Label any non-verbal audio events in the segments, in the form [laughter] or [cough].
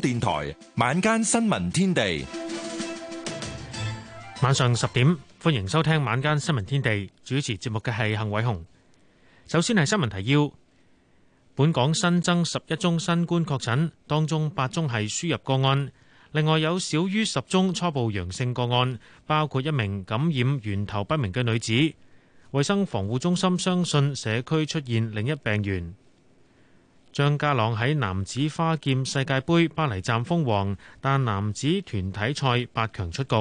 電台晚，晚間新聞天地，晚上十點歡迎收聽晚間新聞天地。主持節目嘅係幸偉雄。首先係新聞提要：本港新增十一宗新冠確診，當中八宗係輸入個案，另外有少於十宗初步陽性個案，包括一名感染源頭不明嘅女子。衛生防護中心相信社區出現另一病源。張家朗喺男子花劍世界杯巴黎站封王，但男子團體賽八強出局。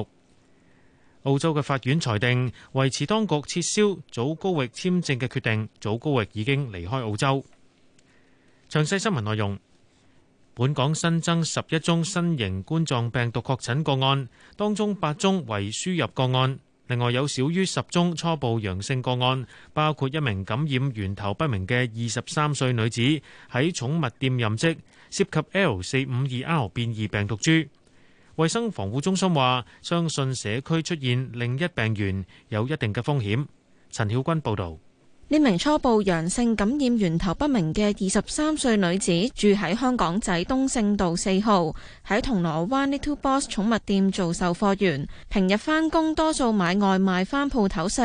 澳洲嘅法院裁定維持當局撤銷早高域簽證嘅決定，早高域已經離開澳洲。詳細新聞內容：本港新增十一宗新型冠狀病毒確診個案，當中八宗為輸入個案。另外有少於十宗初步陽性個案，包括一名感染源頭不明嘅二十三歲女子喺寵物店任職，涉及 L 四五二 R 變異病毒株。衛生防護中心話，相信社區出現另一病源有一定嘅風險。陳曉君報導。呢名初步陽性感染源頭不明嘅二十三歲女子住喺香港仔東勝道四號，喺銅鑼灣 Little Boss 寵物店做售貨員，平日返工多數買外賣返鋪頭食。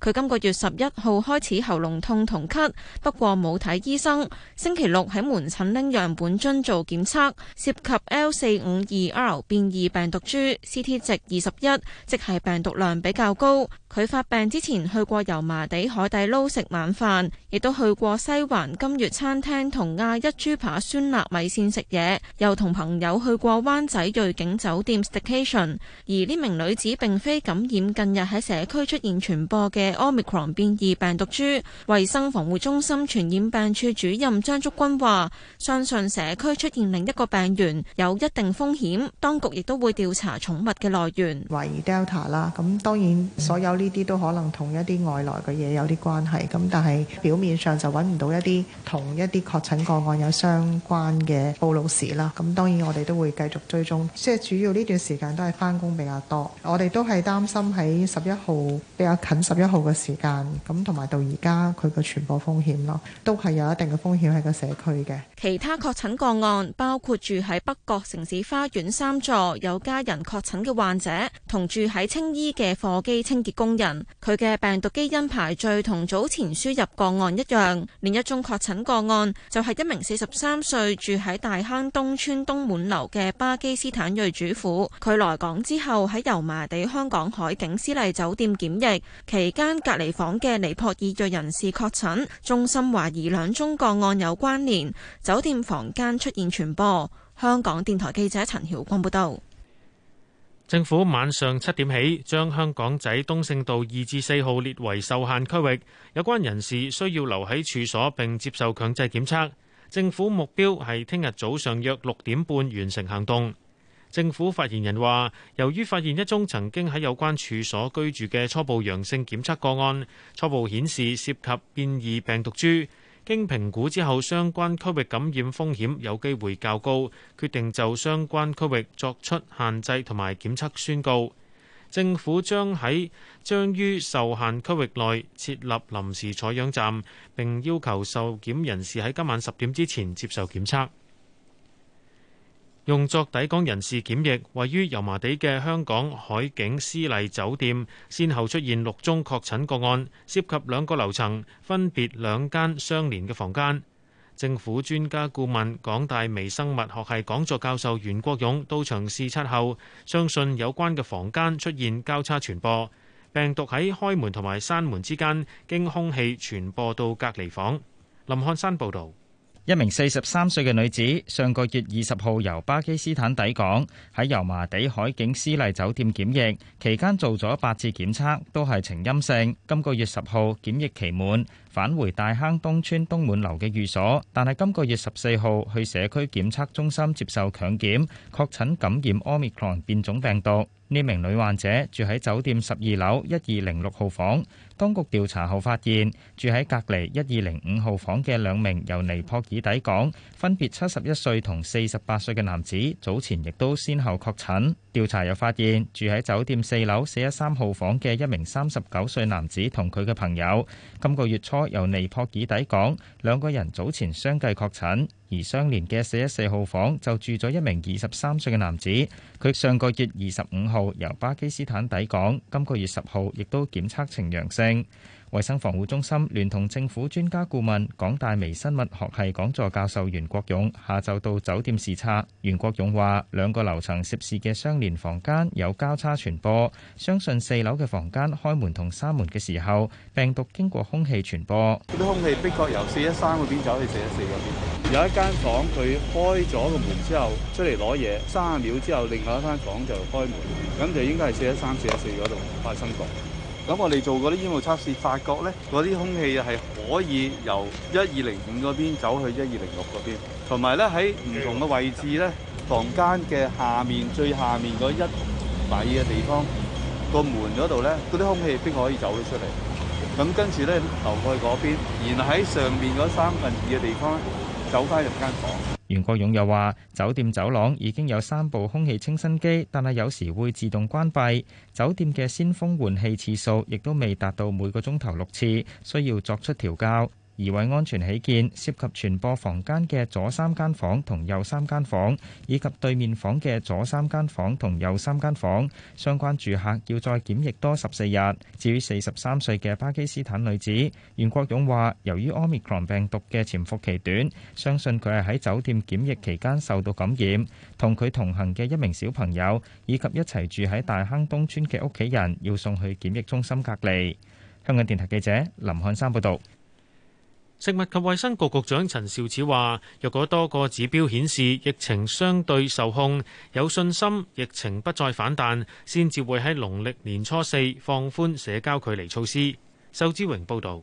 佢今個月十一號開始喉嚨痛同咳，不過冇睇醫生。星期六喺門診拎樣本樽做檢測，涉及 L 四五二 R 變異病毒株，CT 值二十一，即係病毒量比較高。佢發病之前去過油麻地海底撈食。晚飯亦都去過西環金月餐廳同亞一豬扒酸辣米線食嘢，又同朋友去過灣仔瑞景酒店 staycation。而呢名女子並非感染近日喺社區出現傳播嘅 omicron 變異病毒株。衛生防護中心傳染病處主任張竹君話，相信社區出現另一個病源有一定風險，當局亦都會調查寵物嘅來源，懷疑 Delta 啦。咁當然，所有呢啲都可能同一啲外來嘅嘢有啲關係。咁但係表面上就揾唔到一啲同一啲確診個案有相關嘅暴露史啦。咁當然我哋都會繼續追蹤，即係主要呢段時間都係翻工比較多。我哋都係擔心喺十一號比較近十一號嘅時間，咁同埋到而家佢嘅傳播風險咯，都係有一定嘅風險，喺個社區嘅。其他確診個案包括住喺北角城市花園三座有家人確診嘅患者，同住喺青衣嘅貨機清潔工人，佢嘅病毒基因排序同早前。同輸入個案一樣，另一宗確診個案就係一名四十三歲住喺大坑東村東滿樓嘅巴基斯坦裔主婦，佢來港之後喺油麻地香港海景絲麗酒店檢疫期間，隔離房嘅尼泊爾裔人士確診，中心懷疑兩宗個案有關聯，酒店房間出現傳播。香港電台記者陳曉光報道。政府晚上七點起將香港仔東勝道二至四號列為受限區域，有關人士需要留喺處所並接受強制檢測。政府目標係聽日早上約六點半完成行動。政府發言人話：由於發現一宗曾經喺有關處所居住嘅初步陽性檢測個案，初步顯示涉及變異病毒株。經評估之後，相關區域感染風險有機會較高，決定就相關區域作出限制同埋檢測宣告。政府將喺將於受限區域內設立臨時採樣站，並要求受檢人士喺今晚十點之前接受檢測。用作抵港人士檢疫，位於油麻地嘅香港海景絲麗酒店，先後出現六宗確診個案，涉及兩個樓層，分別兩間相連嘅房間，政府專家顧問港大微生物學系講座教授袁國勇到場視察後，相信有關嘅房間出現交叉傳播，病毒喺開門同埋閂門之間經空氣傳播到隔離房。林漢山報道。一名四十三歲嘅女子，上個月二十號由巴基斯坦抵港，喺油麻地海景絲麗酒店檢疫期間做咗八次檢測，都係呈陰性。今個月十號檢疫期滿，返回大坑東村東滿樓嘅寓所，但係今個月十四號去社區檢測中心接受強檢，確診感染 Omicron 變種病毒。呢名女患者住喺酒店十二樓一二零六號房。當局調查後發現，住喺隔離一二零五號房嘅兩名由尼泊爾抵港，分別七十一歲同四十八歲嘅男子，早前亦都先後確診。調查又發現住喺酒店四樓四一三號房嘅一名三十九歲男子同佢嘅朋友，今個月初由尼泊爾抵港，兩個人早前相繼確診。而相連嘅四一四號房就住咗一名二十三歲嘅男子，佢上個月二十五號由巴基斯坦抵港，今個月十號亦都檢測呈陽性。衛生防護中心聯同政府專家顧問、港大微生物學系講座教授袁國勇下晝到酒店視察。袁國勇話：兩個樓層涉事嘅相連房間有交叉傳播，相信四樓嘅房間開門同閂門嘅時候，病毒經過空氣傳播。啲空氣的確由四一三嗰邊走去四一四嗰邊。有一間房佢開咗個門之後，出嚟攞嘢，三秒之後，另外一間房間就開門，咁就應該係四一三四一四嗰度發生過。咁我哋做嗰啲煙霧測試，發覺咧嗰啲空氣係可以由一二零五嗰邊走去一二零六嗰邊，呢，同埋咧喺唔同嘅位置咧，房間嘅下面最下面嗰一米嘅地方，個門嗰度咧，嗰啲空氣邊個可以走得出嚟。咁跟住咧流過去嗰邊，然後喺上面嗰三分二嘅地方。走翻入間房。袁國勇又話：酒店走廊已經有三部空氣清新機，但係有時會自動關閉。酒店嘅鮮風換氣次數亦都未達到每個鐘頭六次，需要作出調校。而為安全起見，涉及傳播房間嘅左三間房同右三間房，以及對面房嘅左三間房同右三間房，相關住客要再檢疫多十四日。至於四十三歲嘅巴基斯坦女子袁國勇話，由於 Omicron 病毒嘅潛伏期短，相信佢係喺酒店檢疫期間受到感染。同佢同行嘅一名小朋友，以及一齊住喺大坑東村嘅屋企人，要送去檢疫中心隔離。香港電台記者林漢山報導。食物及衛生局局長陳肇始話：若果多個指標顯示疫情相對受控，有信心疫情不再反彈，先至會喺農曆年初四放寬社交距離措施。仇志榮報導。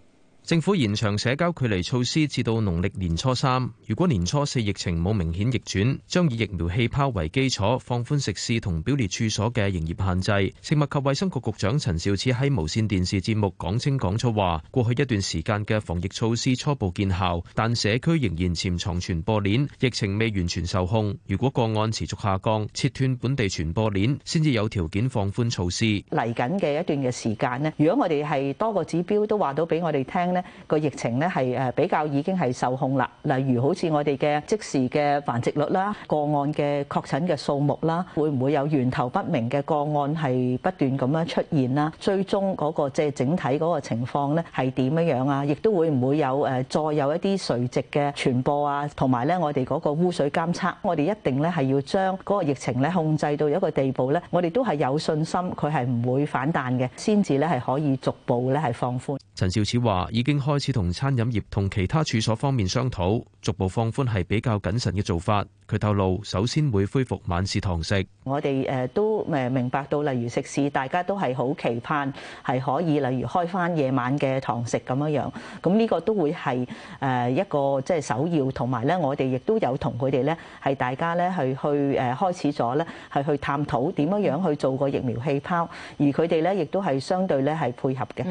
政府延長社交距離措施至到農曆年初三。如果年初四疫情冇明顯逆轉，將以疫苗氣泡為基礎放寬食肆同表列處所嘅營業限制。食物及衛生局局長陳肇始喺無線電視節目講清講楚話：過去一段時間嘅防疫措施初步見效，但社區仍然潛藏傳播鏈，疫情未完全受控。如果個案持續下降，切斷本地傳播鏈，先至有條件放寬措施。嚟緊嘅一段嘅時間咧，如果我哋係多個指標都話到俾我哋聽咧，個疫情咧係誒比較已經係受控啦。例如好似我哋嘅即時嘅繁殖率啦、個案嘅確診嘅數目啦，會唔會有源頭不明嘅個案係不斷咁樣出現啦？最終嗰個即係整體嗰個情況咧係點樣樣啊？亦都會唔會有誒再有一啲垂直嘅傳播啊？同埋咧，我哋嗰個污水監測，我哋一定咧係要將嗰個疫情咧控制到一個地步咧，我哋都係有信心佢係唔會反彈嘅，先至咧係可以逐步咧係放寬。陳肇始話。已經開始同餐飲業同其他處所方面商討，逐步放寬係比較謹慎嘅做法。佢透露，首先會恢復晚市堂食。我哋誒都誒明白到，例如食肆，大家都係好期盼係可以，例如開翻夜晚嘅堂食咁樣樣，咁呢個都會係誒一個即係首要，同埋咧，我哋亦都有同佢哋咧係大家咧係去誒開始咗咧係去探討點樣樣去做個疫苗氣泡，而佢哋咧亦都係相對咧係配合嘅。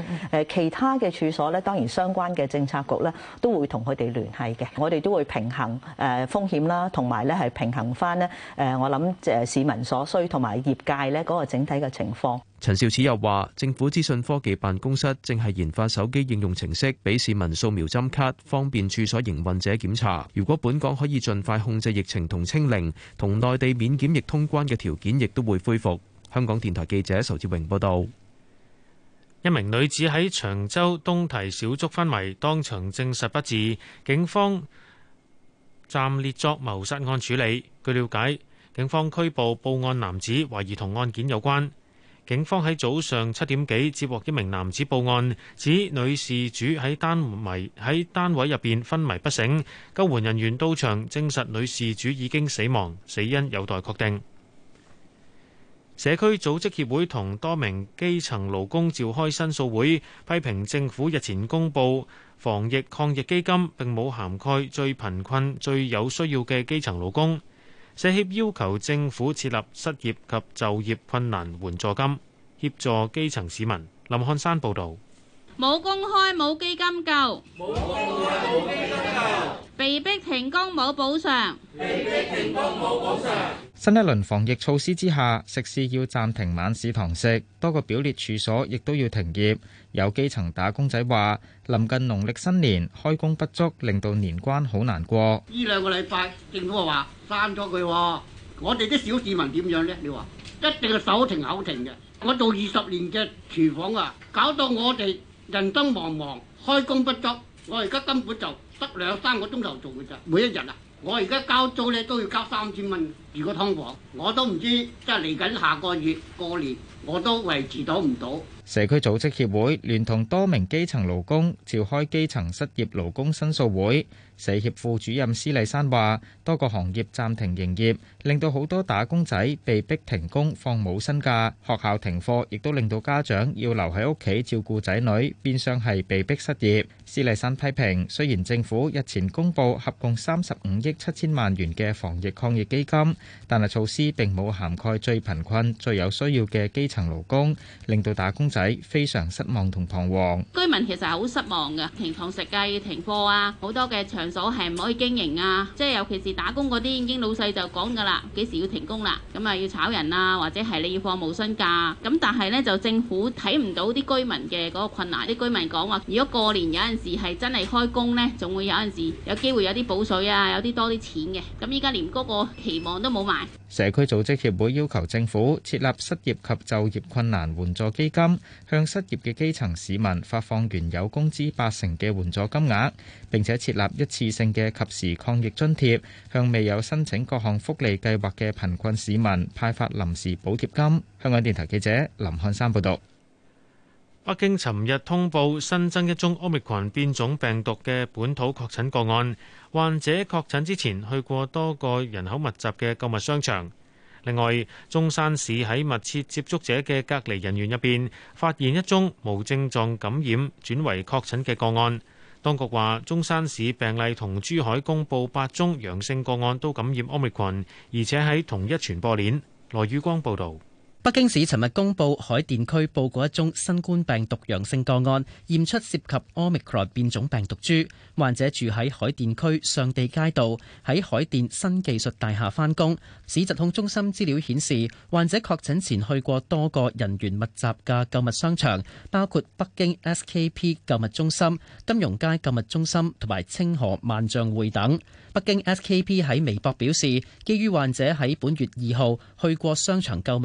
誒其他嘅處所咧，當。相關嘅政策局咧都會同佢哋聯繫嘅，我哋都會平衡誒風險啦，同埋咧係平衡翻咧誒，我諗誒市民所需同埋業界咧嗰個整體嘅情況。陳肇始又話：政府資訊科技辦公室正係研發手機應用程式，俾市民掃描針卡，方便處所營運者檢查。如果本港可以盡快控制疫情同清零，同內地免檢疫通關嘅條件亦都會恢復。香港電台記者仇志榮報道。一名女子喺長洲東堤小築昏迷，當場證實不治，警方暫列作謀殺案處理。據了解，警方拘捕報案男子，懷疑同案件有關。警方喺早上七點幾接獲一名男子報案，指女事主喺單位喺單位入邊昏迷不醒，救援人員到場證實女事主已經死亡，死因有待確定。社區組織協會同多名基層勞工召開申訴會，批評政府日前公布防疫抗疫基金並冇涵蓋最貧困、最有需要嘅基層勞工。社協要求政府設立失業及就業困難援助金，協助基層市民。林漢山報導。冇工開，冇基金救，金救被逼停工冇補償，補償新一輪防疫措施之下，食肆要暫停晚市堂食，多個表列處所亦都要停業。有基層打工仔話，臨近農曆新年，開工不足，令到年關好難過。呢兩個禮拜，政府話刪咗佢，我哋啲小市民點樣呢？你」你話一定係手停口停嘅。我做二十年嘅廚房啊，搞到我哋。人生茫茫，開工不足，我而家根本就得兩三個鐘頭做嘅咋，每一日啊，我而家交租咧都要交三千蚊。如果劏房，我都唔知，即係嚟緊下個月過年，我都維持到唔到。社區組織協會聯同多名基層勞工，召開基層失業勞工申訴會。社協副主任施麗珊話：多個行業暫停營業，令到好多打工仔被迫停工放冇薪假，學校停課亦都令到家長要留喺屋企照顧仔女，變相係被逼失業。施麗珊批評：雖然政府日前公布合共三十五億七千萬元嘅防疫抗疫基金，但係措施並冇涵蓋最貧困、最有需要嘅基層勞工，令到打工仔非常失望同彷徨。居民其實係好失望嘅，停堂食嘅、停課啊，好多嘅場。所係唔可以經營啊！即係尤其是打工嗰啲，已經老細就講噶啦，幾時要停工啦？咁啊要炒人啊，或者係你要放無薪假。咁但係呢，就政府睇唔到啲居民嘅嗰個困難，啲居民講話，如果過年有陣時係真係開工呢，仲會有陣時有機會有啲補水啊，有啲多啲錢嘅。咁依家連嗰個期望都冇埋。社區組織協會要求政府設立失業及就業困難援助基金，向失業嘅基層市民發放原有工資八成嘅援助金額，並且設立一次性嘅及時抗疫津貼，向未有申請各項福利計劃嘅貧困市民派發臨時補貼金。香港電台記者林漢山報道。北京尋日通報新增一宗奧密克戎變種病毒嘅本土確診個案，患者確診之前去過多個人口密集嘅購物商場。另外，中山市喺密切接觸者嘅隔離人員入邊發現一宗無症狀感染轉為確診嘅個案。當局話，中山市病例同珠海公佈八宗陽性個案都感染奧密克戎，而且喺同一傳播鏈。羅宇光報導。北京市尋日公布海淀區報告一宗新冠病毒陽性個案，驗出涉及奧密克戎變種病毒株。患者住喺海淀區上地街道，喺海淀新技術大廈翻工。市疾控中心資料顯示，患者確診前去過多個人員密集嘅購物商場，包括北京 SKP 購物中心、金融街購物中心同埋清河萬象匯等。北京 SKP 喺微博表示，基於患者喺本月二號去過商場購物。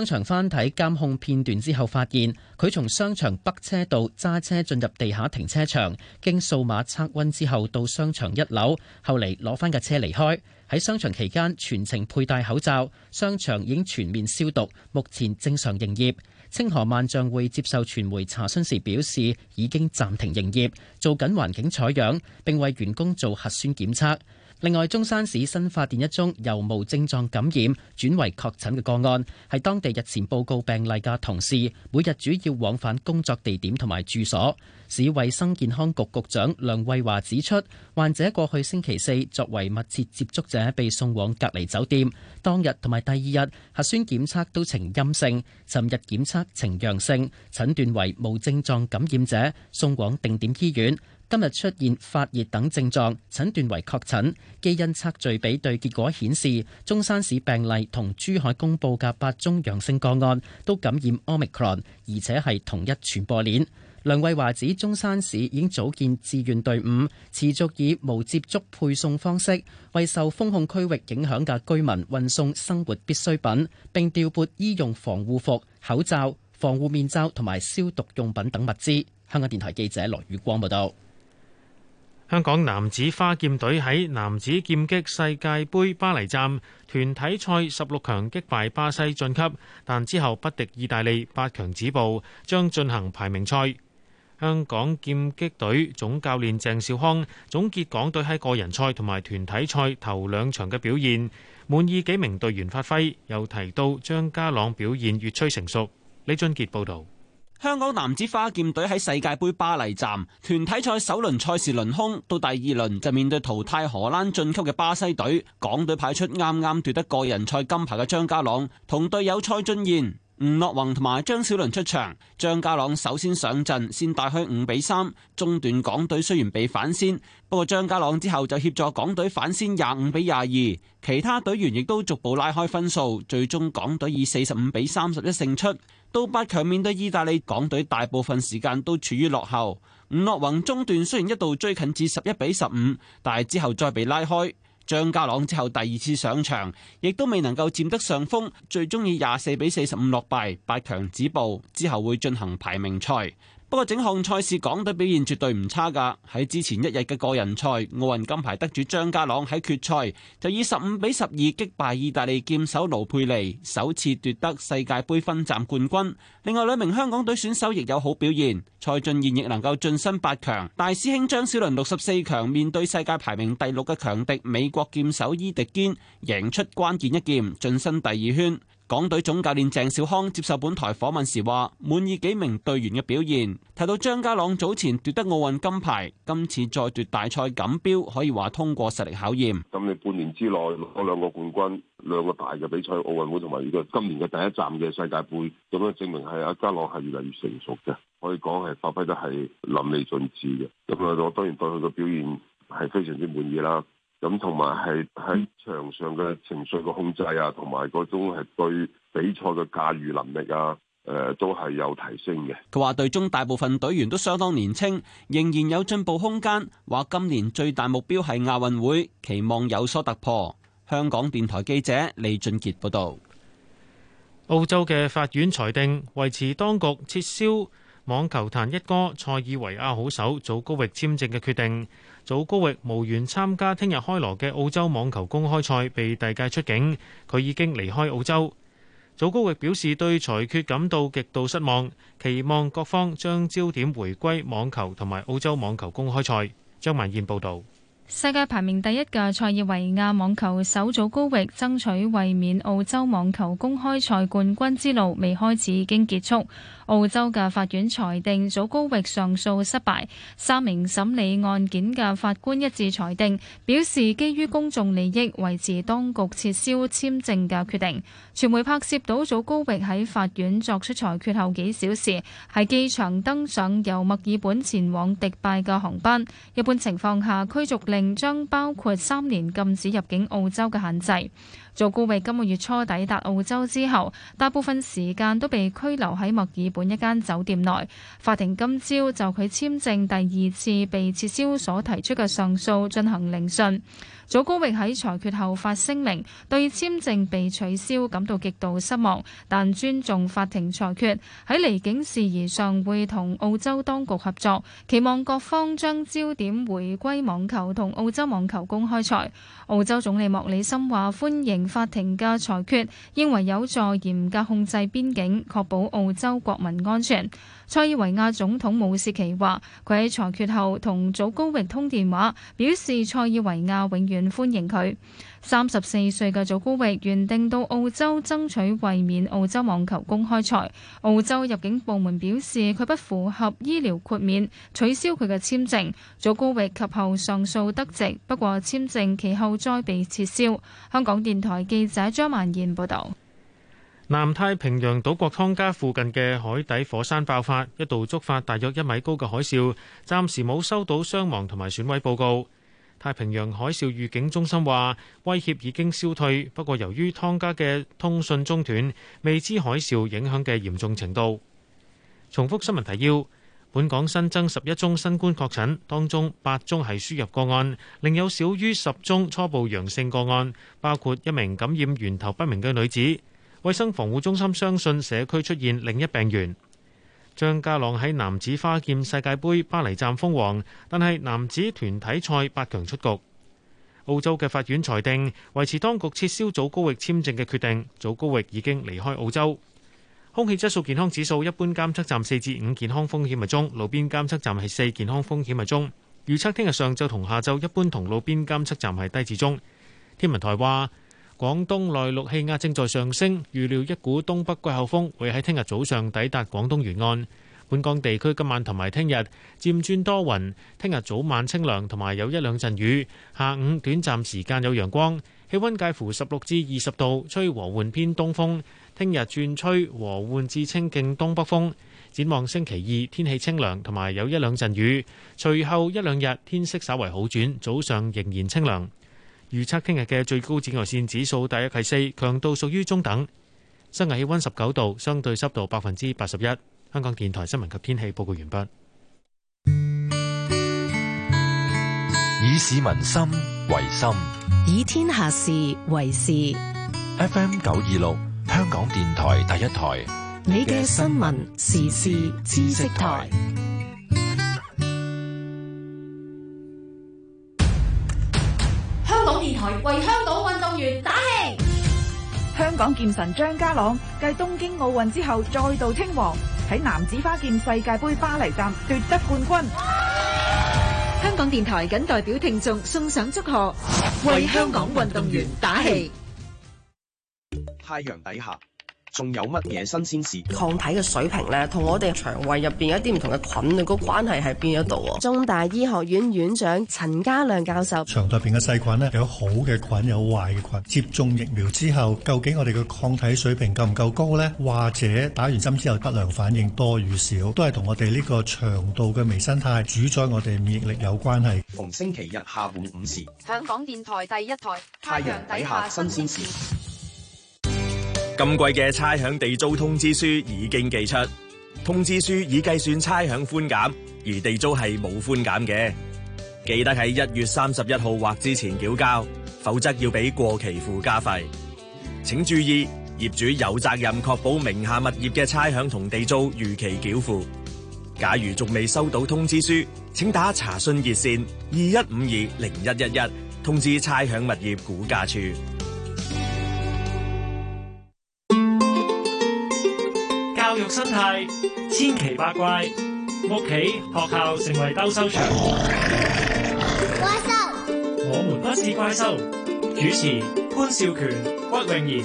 商場翻睇監控片段之後，發現佢從商場北車道揸車進入地下停車場，經數碼測溫之後到商場一樓，後嚟攞翻架車離開。喺商場期間全程佩戴口罩。商場已經全面消毒，目前正常營業。清河萬象匯接受傳媒查詢時表示，已經暫停營業，做緊環境採樣，並為員工做核酸檢測。另外，中山市新發電一宗由無症狀感染轉為確診嘅個案，係當地日前報告病例嘅同事，每日主要往返工作地點同埋住所。市衛生健康局局長梁慧華指出，患者過去星期四作為密切接觸者被送往隔離酒店，當日同埋第二日核酸檢測都呈陰性，尋日檢測呈陽性，診斷為無症狀感染者，送往定點醫院。今日出現發熱等症狀，診斷為確診。基因測序比對結果顯示，中山市病例同珠海公布嘅八宗陽性個案都感染 Omicron，而且係同一傳播鏈。梁慧華指，中山市已經組建志願隊伍，持續以無接觸配送方式，為受封控區域影響嘅居民運送生活必需品，並調撥醫用防護服、口罩、防護面罩同埋消毒用品等物資。香港電台記者羅宇光報道。香港男子花劍隊喺男子劍擊世界盃巴黎站團體賽十六強擊敗巴西晉級，但之後不敵意大利八強止步，將進行排名賽。香港劍擊隊總教練鄭少康總結港隊喺個人賽同埋團體賽頭兩場嘅表現，滿意幾名隊員發揮，又提到張家朗表現越趨成熟。李俊傑報導。香港男子花劍隊喺世界杯巴黎站團體賽首輪賽事輪空，到第二輪就面對淘汰荷蘭晉級嘅巴西隊，港隊派出啱啱奪得個人賽金牌嘅張家朗同隊友蔡俊彥。吳樂宏同埋張小倫出場，張家朗首先上陣，先帶開五比三。中段港隊雖然被反先，不過張家朗之後就協助港隊反先廿五比廿二，其他隊員亦都逐步拉開分數。最終港隊以四十五比三十一勝出。八強面對意大利港隊，大部分時間都處於落後。吳樂宏中段雖然一度追近至十一比十五，但係之後再被拉開。張家朗之後第二次上場，亦都未能夠佔得上風，最終以廿四比四十五落敗，八強止步。之後會進行排名賽。不過整項賽事港隊表現絕對唔差噶，喺之前一日嘅個人賽，奧運金牌得主張家朗喺決賽就以十五比十二擊敗意大利劍手盧佩利，首次奪得世界杯分站冠軍。另外兩名香港隊選手亦有好表現，蔡俊賢亦能夠晉身八強。大師兄張小倫六十四強面對世界排名第六嘅強敵美國劍手伊迪堅，贏出關鍵一劍，晉身第二圈。港隊總教練鄭小康接受本台訪問時話，滿意幾名隊員嘅表現，提到張家朗早前奪得奧運金牌，今次再奪大賽錦標，可以話通過實力考驗。咁你半年之內攞兩個冠軍，兩個大嘅比賽，奧運會同埋而家今年嘅第一站嘅世界杯，咁樣證明係阿家朗係越嚟越成熟嘅，可以講係發揮得係淋漓盡致嘅。咁啊，我當然對佢嘅表現係非常之滿意啦。咁同埋係喺場上嘅情緒嘅控制啊，同埋嗰種係對比賽嘅駕馭能力啊，誒、呃、都係有提升嘅。佢話隊中大部分隊員都相當年青，仍然有進步空間，話今年最大目標係亞運會，期望有所突破。香港電台記者李俊杰報道，澳洲嘅法院裁定維持當局撤銷網球壇一哥塞爾維亞好手祖高域簽證嘅決定。祖高域無緣參加聽日開鑼嘅澳洲網球公開賽，被遞解出境，佢已經離開澳洲。祖高域表示對裁決感到極度失望，期望各方將焦點回歸網球同埋澳洲網球公開賽。張曼燕報道。世界排名第一嘅塞爾維亞網球手祖高域爭取衛冕澳洲網球公開賽冠軍之路，未開始已經結束。澳洲嘅法院裁定祖高域上訴失敗，三名審理案件嘅法官一致裁定，表示基於公眾利益維持當局撤銷簽證嘅決定。傳媒拍攝到祖高域喺法院作出裁決後幾小時喺機場登上由墨爾本前往迪拜嘅航班。一般情況下，驅逐令將包括三年禁止入境澳洲嘅限制。祖高域今個月初抵達澳洲之後，大部分時間都被拘留喺墨爾本一間酒店內。法庭今朝就佢簽證第二次被撤銷所提出嘅上訴進行聆訊。祖高域喺裁決後發聲明，對簽證被取消感到極度失望，但尊重法庭裁決。喺離境事宜上會同澳洲當局合作，期望各方將焦點回歸網球同澳洲網球公開賽。澳洲總理莫里森話歡迎法庭嘅裁決，認為有助嚴格控制邊境，確保澳洲國民安全。塞爾維亞總統武契奇話佢喺裁決後同祖高域通電話，表示塞爾維亞永遠歡迎佢。三十四歲嘅祖高域原定到澳洲爭取衛冕澳洲網球公開賽，澳洲入境部門表示佢不符合醫療豁免，取消佢嘅簽證。祖高域及後上訴得直，不過簽證其後再被撤銷。香港電台記者張曼燕報道。南太平洋島國湯加附近嘅海底火山爆發，一度觸發大約一米高嘅海嘯，暫時冇收到傷亡同埋損毀報告。太平洋海嘯預警中心話威脅已經消退，不過由於湯加嘅通訊中斷，未知海嘯影響嘅嚴重程度。重複新聞提要：本港新增十一宗新冠確診，當中八宗係輸入個案，另有少於十宗初步陽性個案，包括一名感染源頭不明嘅女子。衛生防護中心相信社區出現另一病源。張家朗喺男子花劍世界杯巴黎站封王，但係男子團體賽八強出局。澳洲嘅法院裁定維持當局撤銷早高域簽證嘅決定，早高域已經離開澳洲。空氣質素健康指數一般監測站四至五健康風險係中，路邊監測站係四健康風險係中。預測聽日上晝同下晝一般同路邊監測站係低至中。天文台話。廣東內陸氣壓正在上升，預料一股東北季候風會喺聽日早上抵達廣東沿岸。本港地區今晚同埋聽日漸轉多雲，聽日早晚清涼同埋有一兩陣雨，下午短暫時間有陽光，氣溫介乎十六至二十度，吹和緩偏東風。聽日轉吹和緩至清勁東北風。展望星期二天氣清涼同埋有一兩陣雨，隨後一兩日天色稍為好轉，早上仍然清涼。預測聽日嘅最高紫外線指數大約係四，強度屬於中等。室外氣溫十九度，相對濕度百分之八十一。香港電台新聞及天氣報告完畢。以市民心為心，以天下事為事。FM 九二六，香港電台第一台，你嘅新聞時事知識台。為香港運動員打氣！香港劍神張家朗繼東京奧運之後再度稱王，喺男子花劍世界杯巴黎站奪得冠軍。 [noise] 香港電台僅代表聽眾送上祝賀，為香港運動員打氣。太陽底下。仲有乜嘢新鮮事？抗體嘅水平咧，我腸同我哋腸胃入邊一啲唔同嘅菌嘅嗰個關係係邊一度？中大醫學院院長陳家亮教授：腸胃入邊嘅細菌咧，有好嘅菌，有壞嘅菌。接種疫苗之後，究竟我哋嘅抗體水平夠唔夠高咧？或者打完針之後不良反應多與少，都係同我哋呢個腸道嘅微生態主宰我哋免疫力有關係。逢星期日下午五時，香港電台第一台，太陽底下新鮮事。今季嘅差餉地租通知書已經寄出，通知書已計算差餉寬減，而地租係冇寬減嘅。記得喺一月三十一號或之前繳交，否則要俾過期附加費。請注意，業主有責任確保名下物業嘅差餉同地租如期繳付。假如仲未收到通知書，請打查詢熱線二一五二零一一一通知差餉物業估價處。心態千奇百怪，屋企學校成為鬥獸場。怪獸，我們不是怪獸。主持潘少權、屈穎妍。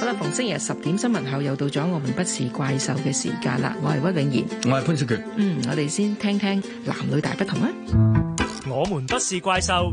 好啦，逢星期日十點新聞後，又到咗我們不是怪獸嘅時間啦。我係屈穎妍，我係潘少權。嗯，我哋先聽聽男女大不同啊。我們不是怪獸。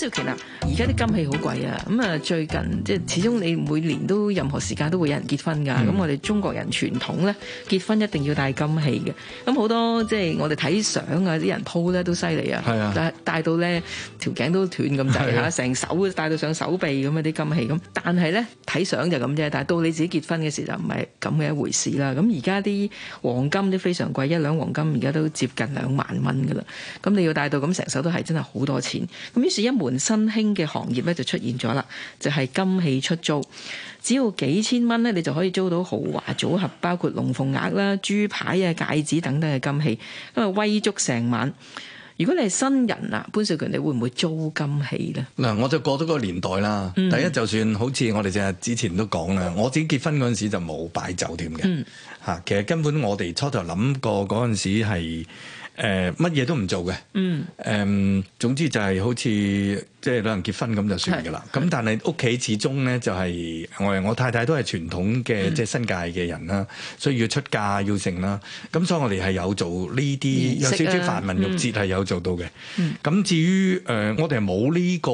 即係而家啲金器好貴啊，咁啊最近即係始終你每年都任何時間都會有人結婚㗎。咁、嗯、我哋中國人傳統咧結婚一定要戴金器嘅。咁好多即係我哋睇相啊啲人鋪咧都犀利啊，但係帶到咧條頸都斷咁滯吓，成是、啊、手帶到上手臂咁啊啲金器，咁但係咧睇相就咁啫，但係到你自己結婚嘅時候就唔係咁嘅一回事啦。咁而家啲黃金都非常貴，一兩黃金而家都接近兩萬蚊㗎啦，咁你要帶到咁成手都係真係好多錢。咁於是，一門新興嘅行業咧就出現咗啦，就係金器出租，只要幾千蚊咧，你就可以租到豪華組合，包括龍鳳鐲啦、豬排啊、戒指等等嘅金器，咁啊威足成晚。如果你係新人啦，潘少權，你會唔會租金器咧？嗱，我就過咗嗰個年代啦。第一，就算好似我哋只係之前都講啦，我自己結婚嗰陣時就冇擺酒店嘅吓，嗯、其實根本我哋初頭諗過嗰陣時係。誒乜嘢都唔做嘅，誒、嗯呃、總之就係好似即係兩個人結婚咁就算㗎啦。咁的但係屋企始終咧就係、是、我我太太都係傳統嘅、嗯、即係新界嘅人啦，所以要出嫁要成啦。咁、嗯、所以我哋係有做呢啲、嗯、有少少繁文縟節係有做到嘅。咁、嗯、至於誒、呃、我哋係冇呢個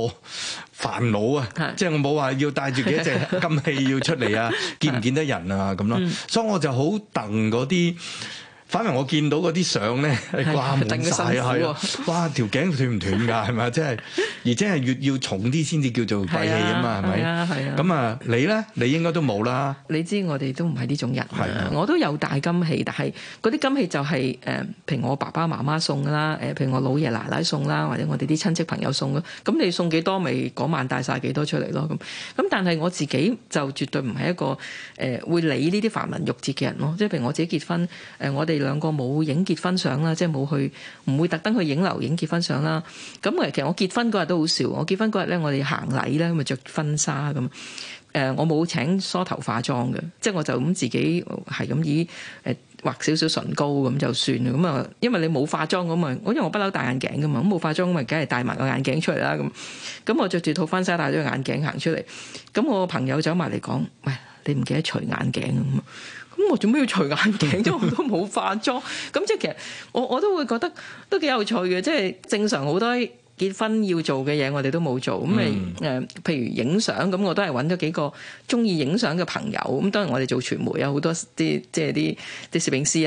煩惱啊，即係我冇話要帶住幾隻金器要出嚟啊，見唔見得人啊咁咯。所以我就好蹬嗰啲。反而我見到嗰啲相咧，掛晒曬係，哇條頸斷唔斷㗎？係咪即係？而且係越要重啲先至叫做貴氣啊嘛？係咪的？咁啊，你咧，你應該都冇啦。你知我哋都唔係呢種人，的我都有大金器，但係嗰啲金器就係、是、誒，譬、呃、如我爸爸媽媽送啦，誒、呃、譬如我老爺奶奶送啦，或者我哋啲親戚朋友送，送咯。咁你送幾多咪嗰晚帶晒幾多出嚟咯？咁咁，但係我自己就絕對唔係一個誒、呃、會理呢啲繁文縟節嘅人咯。即係譬如我自己結婚，誒、呃、我哋。兩個冇影結婚相啦，即係冇去，唔會特登去影樓影結婚相啦。咁其實我結婚嗰日都好笑，我結婚嗰日咧，我哋行禮咧，咪着婚紗咁。誒，我冇請梳頭化妝嘅，即係我就咁自己係咁咦？誒，畫、呃、少少唇膏咁就算啦。咁啊，因為你冇化妝咁啊，我因為我不嬲戴眼鏡噶嘛，咁冇化妝咁咪，梗係戴埋個眼鏡出嚟啦。咁，咁我着住套婚紗，戴咗個眼鏡行出嚟。咁我朋友走埋嚟講：「喂，你唔記得除眼鏡咁。」咁我做咩要除眼鏡啫，我都冇化妝，咁即係其實我我都會覺得都幾有趣嘅。即係正常好多結婚要做嘅嘢，我哋都冇做。咁咪誒，譬如影相，咁我都係揾咗幾個中意影相嘅朋友。咁當然我哋做傳媒啊好多啲即係啲啲攝影師。